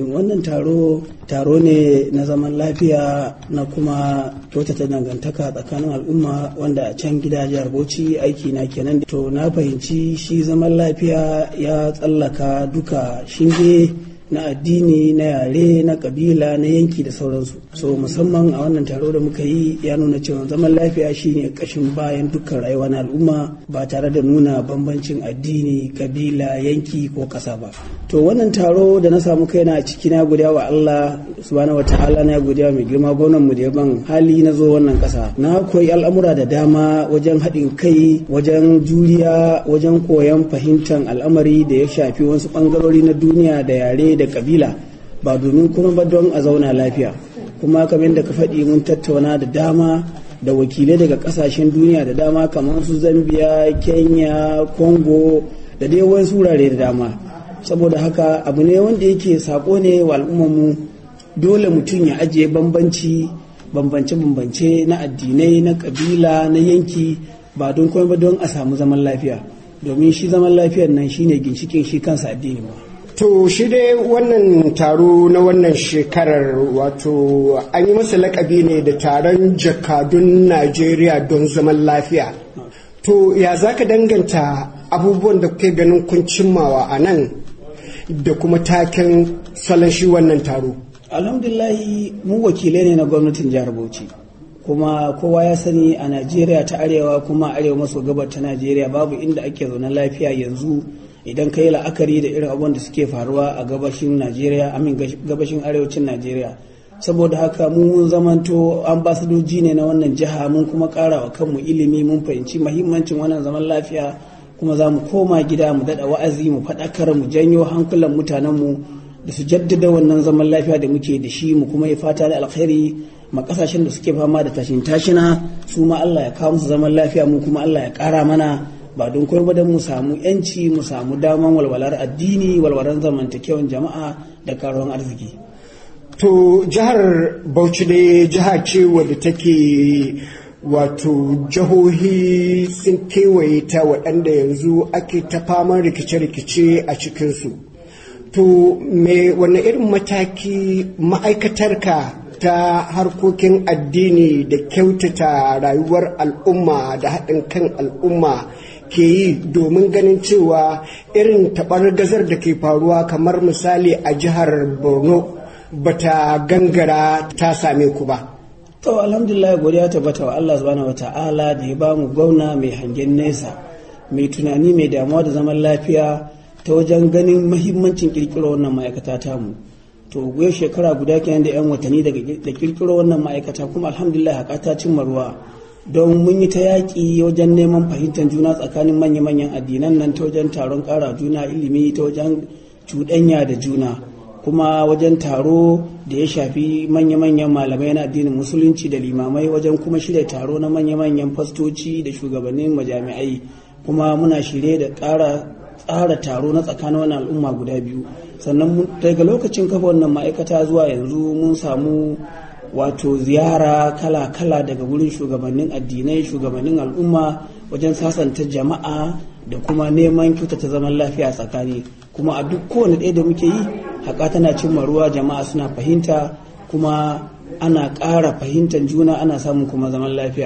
wannan taro taro ne na zaman lafiya na kuma kyautata dangantaka tsakanin al'umma wanda a can gida jihar bauchi aiki na kenan to na fahimci shi zaman lafiya ya tsallaka duka shinge na addini na yare na kabila na yanki da sauransu so musamman a wannan taro da muka yi ya nuna cewa zaman lafiya shine kashin bayan dukkan rayuwa na al'umma ba tare da nuna bambancin addini kabila yanki ko kasa ba to wannan taro da na samu kaina a ciki na godiya wa Allah subhanahu wataala na godiya mai girma gonan mu da ban hali na zo wannan kasa na koyi al'amura da dama wajen haɗin kai wajen juriya wajen koyon fahimtar al'amari da ya shafi wasu bangarori na duniya da yare da da kabila ba domin kuma ba don a zauna lafiya kuma kamar da ka faɗi mun tattauna da dama da wakilai daga ƙasashen duniya da dama kamar su zambia kenya congo da dai wani surare da dama saboda haka abu ne wanda yake sako ne wa al'ummarmu dole mutum ya ajiye bambanci bambance-bambance na addinai na kabila na yanki ba don kuma ba don a samu zaman lafiya domin shi zaman lafiyar nan shine ginshikin shi kansa addini ba to shi dai wannan taro na wannan shekarar wato an yi masa lakabi ne da taron jakadun najeriya don zaman lafiya to ya za ka danganta abubuwan da kai ganin kun cimmawa a nan da kuma taken salon shi wannan taro alhamdulahi mu wakilai ne na gwamnatin jihar bauchi kuma kowa ya sani a najeriya ta arewa kuma arewa maso gabar ta najeriya babu inda ake zaune lafiya yanzu idan ka yi la'akari da irin abuwan da suke faruwa a gabashin najeriya amin gabashin arewacin najeriya saboda haka mu mun zamanto ambasadoji ne na wannan jiha mun kuma kara wa kanmu ilimi mun fahimci mahimmancin wannan zaman lafiya kuma za mu koma gida mu daɗa wa'azi mu faɗakar mu janyo hankulan mutanenmu da su jaddada wannan zaman lafiya da muke da shi mu kuma yi fata da alkhairi ma kasashen da suke fama da tashin tashina su ma Allah ya kawo musu zaman lafiya mu kuma Allah ya kara mana ba don koyar da mu samu yanci mu samu daman walwalar addini walwalar zamantakewan jama'a da karuwan arziki to jihar bauchi ne jiha ce wadda take wato jihohi sun kewaye ta waɗanda yanzu ake ta faman rikice-rikice a cikinsu to me wani irin mataki ma'aikatarka ta harkokin addini da kyautata rayuwar al'umma da haɗin kan al'umma ke yi domin ganin cewa irin taɓar gazar da ke faruwa kamar misali a jihar borno bata gangara ta same ku ba to alhamdulillah godiya tabbata wa allah subhanahu wa ta'ala da ya bamu gwamna mai hangen nesa mai tunani mai damuwa da zaman lafiya ta wajen ganin mahimmancin kirkiro wannan ma'aikata mu to goye shekara guda kenan da yan watanni da kirkiro wannan ma'aikata kuma alhamdulillah haƙata ta cimma ruwa don mun yi ta yaƙi wajen neman fahimtar juna tsakanin manya-manyan addinan nan ta wajen taron ƙara juna ilimi ta wajen cuɗanya da juna kuma wajen taro da ya shafi manya-manyan malamai na addinin musulunci da limamai wajen kuma shirya taro na manya-manyan fastoci da shugabannin majami'ai kuma muna shirye da ƙara tsara taro na tsakanin wani al'umma guda biyu sannan daga lokacin kafa wannan ma'aikata zuwa yanzu mun samu wato ziyara kala-kala daga wurin shugabannin addinai shugabannin al'umma wajen sasanta jama'a da kuma neman kyautata zaman lafiya tsakani kuma a duk kowane ɗaya da muke yi haƙa tana cimma ruwa jama'a suna fahimta kuma ana ƙara fahimtar juna ana samun kuma zaman lafiya